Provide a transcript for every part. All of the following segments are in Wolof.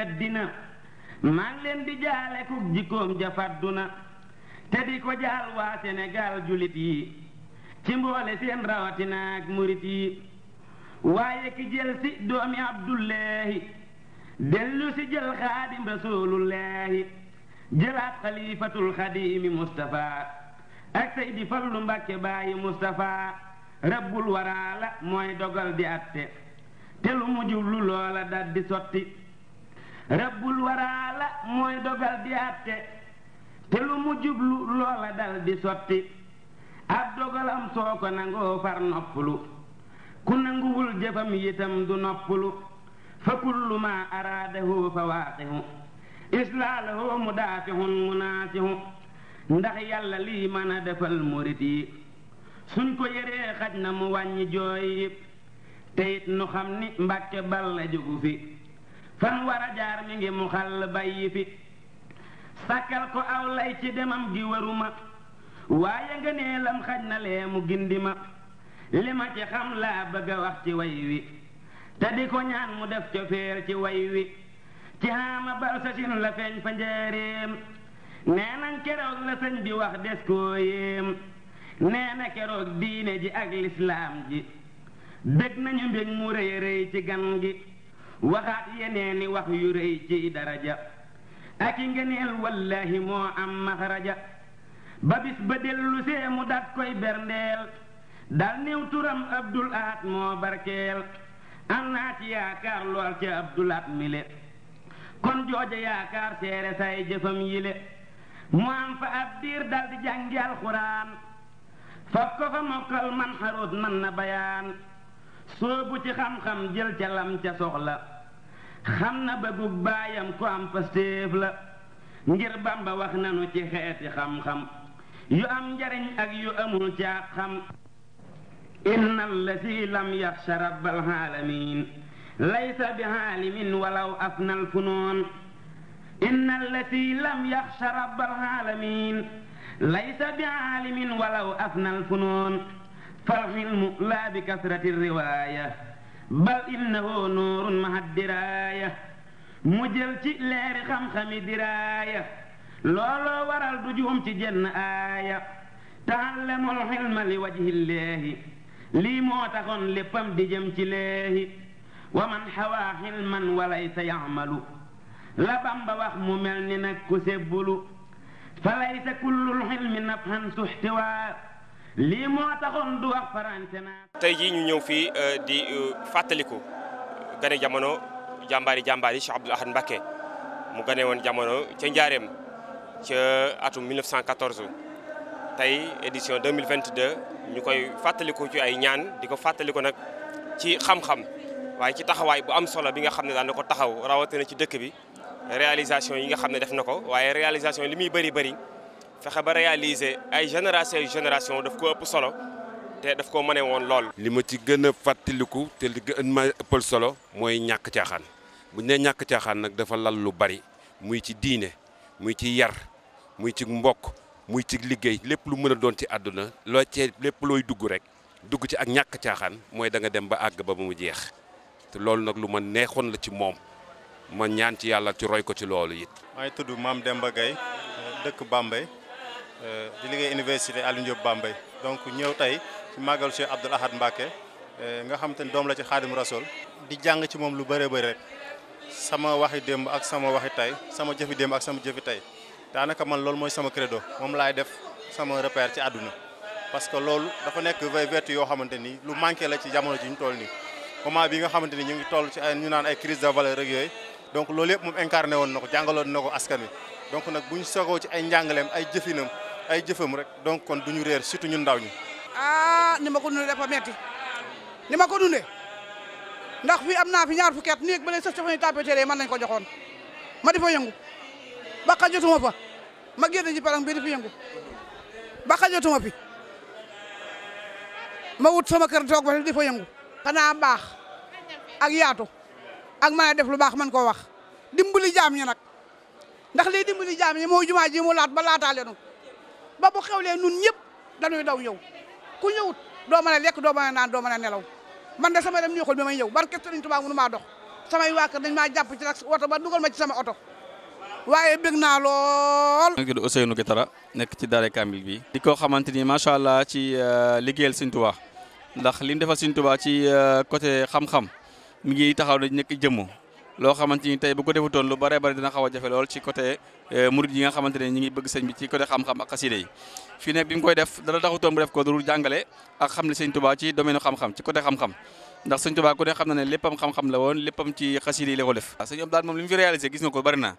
weddina maa ngi leen di jaale ku jikkoom ja fàdduna te di ko jaal waa Sénégal julit yi ci mboole seen rawatinaak murit yi waaye ki jël doomi Abdullahi dellu si jël xaadim rasulullahi jëlaat xalifatul xadimi Mustafa ak Seydi Fallu Mbàkke bàyyi Mustafa rabbul waraala mooy dogal di atte te lu mujjul loola dal sotti rabbul waraa la mooy dogal di àtte te lu mu jublu loola dal di sotti ab dogalam soo ko nangoo far noppalu ku nanguwul jëfam yitam du noppalu fa kullu ma araadahu fa waatihu islaalahu mudaafihun munaasihu ndax yàlla lii mën a defal murit yi suñ ko yëree xaj na mu wàññi jooy yi te it nu xam ni mbàkke bal la jógu fi fan war a jaar mi ngi mu xàll bàyyi fi sàkkal ko aw lay ci demam gi waruma waaye nga xaj na lee mu gindi ma li ma ci xam laa bëgg wax ci way wi te di ko ñaan mu def cofeer ci way wi ci xaama balsasin la feeñ fa njëreem nee nañ keroog la sëñ bi wax des koo nee na keroog diine ji ak lislaam ji dégg nañu mbég mu rëy ci gan gi waxaat yeneeni wax yu rëy ci daraja ak i ngëneel wallahi moo am maxraja ba bis ba dellu mu dat koy berndeel dal néew turam abdul ahad moo barkeel am naa ci yaakaar lool abdul ahad mile kon jooja yaakaar seere say jëfam yile mu am fa ab dal di jàngi alxuraan faf ko fa mokkal man xaroot man na bayaan soobu ci xam-xam jël ca lam ca soxla xam na bëggug baayam ko am pastéef la ngir bamba wax nanu ci xeeti xam-xam yu am njariñ ak yu amul caa xam inna allasi lam yaxsha rabbal alamin laysa bi aalimin walaw afna alfunoon inna allati lam yaxsha rabbal alamin laysa bi aalimin walaw afna alfunoon فالعلم لا بكثرة الرواية بل إنه نور مع الدراية مجل ci leeri xam-xami diraaya looloo waral du juum ci jenn aaya taallamul xilma li wajhillaahi lii moo taxoon léppam di jëm ci leehi wa man xawaa xilman walaysa yacmalu la bamba wax mu mel ni nag ku sebbulu falaysa kullul xilmi nafhan suxtiwaa lii tey jii ñu ñëw fii euh, di euh, fàttaliku gane jamono jàmbaari jàmbaari Cheikh Abdoul Ahad Mbacké mu gane woon jamono ca Njaareem ca atum 1914 tey édition deux ñu koy fàttaliku ci ay ñaan di ko fàttaliku nag ci xam-xam waaye ci taxawaay bu am solo bi nga xam ne daan na ko taxaw rawatina ci dëkk bi réalisation yi nga xam ne def na ko waaye réalisation li muy bëri bëri. fexe ba réaliser ay génération génération daf ko ëpp solo te daf ko ne woon lool. li ma ci gën a fàttaliku te li gën ëppal solo mooy ñàkk caaxaan bu ñu nee ñàkk caaxaan nag dafa lal lu bari muy ci diine muy ci yar muy ci mbokk muy ci liggéey lépp lu mën a doon ci àdduna loo cee lépp looy dugg rek dugg ci ak ñàkk caaxaan mooy da nga dem ba àgg ba mu jeex te loolu nag lu ma neexoon la ci moom ma ñaan ci yàlla ci roy ko ci loolu it. maa ngi tudd maam Demba dëkk Bambey. Euh, di liggéey université Alioune baam bay donc ñëw tey ci màggal Cheikh Abdoul Ahad Mbacké euh, nga xam te ne doom la ci Xaadim rasol di jàng ci moom lu bëree bëri rek sama waxi démb ak sama waxi tey sama jëfi démb ak sama jëfi tey daanaka man loolu mooy sama credo moom laay def sama repère ci àdduna parce que loolu dafa nekk vay yoo xamante ni lu manqué la ci jamono ji ñu tool nii moment bi nga xamante ni ñu ngi toll ci ay ñu naan ay crise de valeur rek yooyu donc loolu yëpp moom incarné woon na ko jàngaloon na ko askan wi donc nag bu ñu ci ay njàngaleem ay jëfinam ay jëfam rek donc kon duñu ñu réer ñun ndaw ñi. ah ni ma ko dundee dafa metti ni ma ko ndax fi am naa fi ñaar fukki at néeg ba sa sax dafa ñuy tàmpeteeree mën nañu ko joxoon ma di fa yëngu ba ka jotuma fa ma génn ji parang bi di fi yëngu ba ka jotuma fi ma wut sama kër toog ba di fa yëngu. xanaa baax ak yaatu ak mën def lu baax man koo wax dimbali jaam ñi nag ndax lii dimbali jaam ñi moo jumaa ji mu laat ba laataale nu ba bu xewlee nun ñëpp dañuy daw ñëw ku ñëwut doo mën a lekk doo a naan doo mën a nelaw man de sama dem ñuy xool bi may ñëw barke Sëriñ Tuubaa mënu maa dox samay waa kër dañ maa jàpp ci nag oto ba dugal ma ci sama oto waaye bëgg naa lool. maa ngi tudd Ousseynou nekk ci Daara Kamil bi. di ko xamante ni macha allah ci euh, liggéeyal Sëriñ Tuubaa ndax li mu defal Sëriñ Tuubaa ci euh, côté xam-xam mi taxaw na nekk jëmm loo xamante ni tey bu ko defutoon lu bare bare dana xaw a jafe lool ci côté euh, murid yi nga xamante ñi ngi bëgg sëñ bi ci côté xam-xam ak xaside yi fii nekk bi mu koy def dara taxutoon bu def ko dul jàngale ak xam ne sëñ Tuubaa ci domaine xam-xam ci côté xam-xam ndax sëñ Tuubaa ku ne xam na ne léppam xam-xam la woon léppam ci xaside yi la ko def sëñ Abdou Lahad moom li mu fi réalisé gis nga ko bari na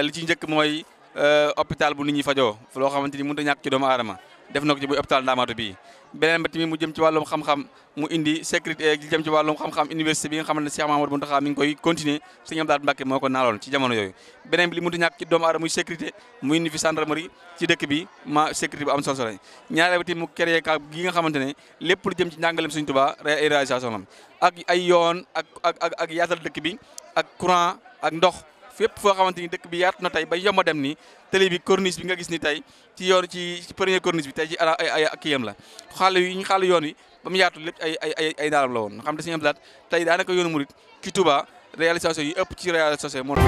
li ci njëkk mooy euh, hôpital bu nit ñi fajoo loo xamante ni mënut a ñàkk doomu aadama def na ko ci bu hôpital Ndamatou bii beneen ba tamit mu jëm ci wàllum xam-xam mu indi sécurité li jëm ci wàllum xam-xam université bi nga xamante ne Cheikh Mahamadou Mountakha mi koy continuer Serigne Abdou Lahad Mbacké moo ko yooyu beneen bi li mënut a ñàkk ci doomu aadama muy sécurité mu indi fi gendarmerie ci dëkk bi ma sécurité bu am solo la ñaareel ba tamit mu créé ka gi nga xamante ne lépp lu jëm ci njàngaleem Serigne Touba réalisation am ak ay yoon ak ak ak yaatal dëkk bi ak courant ak ndox fépp foo xamante ni dëkk bi yaatu na tey ba yomb a dem ni télé bi corniche bi nga gis ni tey ci yoon ci premier corniche bi tey ci ay ay ak kiyam la xaalu yi ñu xaalu yoon yi ba mu yaatu lépp ay ay ay ay naalam la woon xam ne suñu am laat tey daanaka yoonu murit ci Touba réalisation yi ëpp ci réalisation moo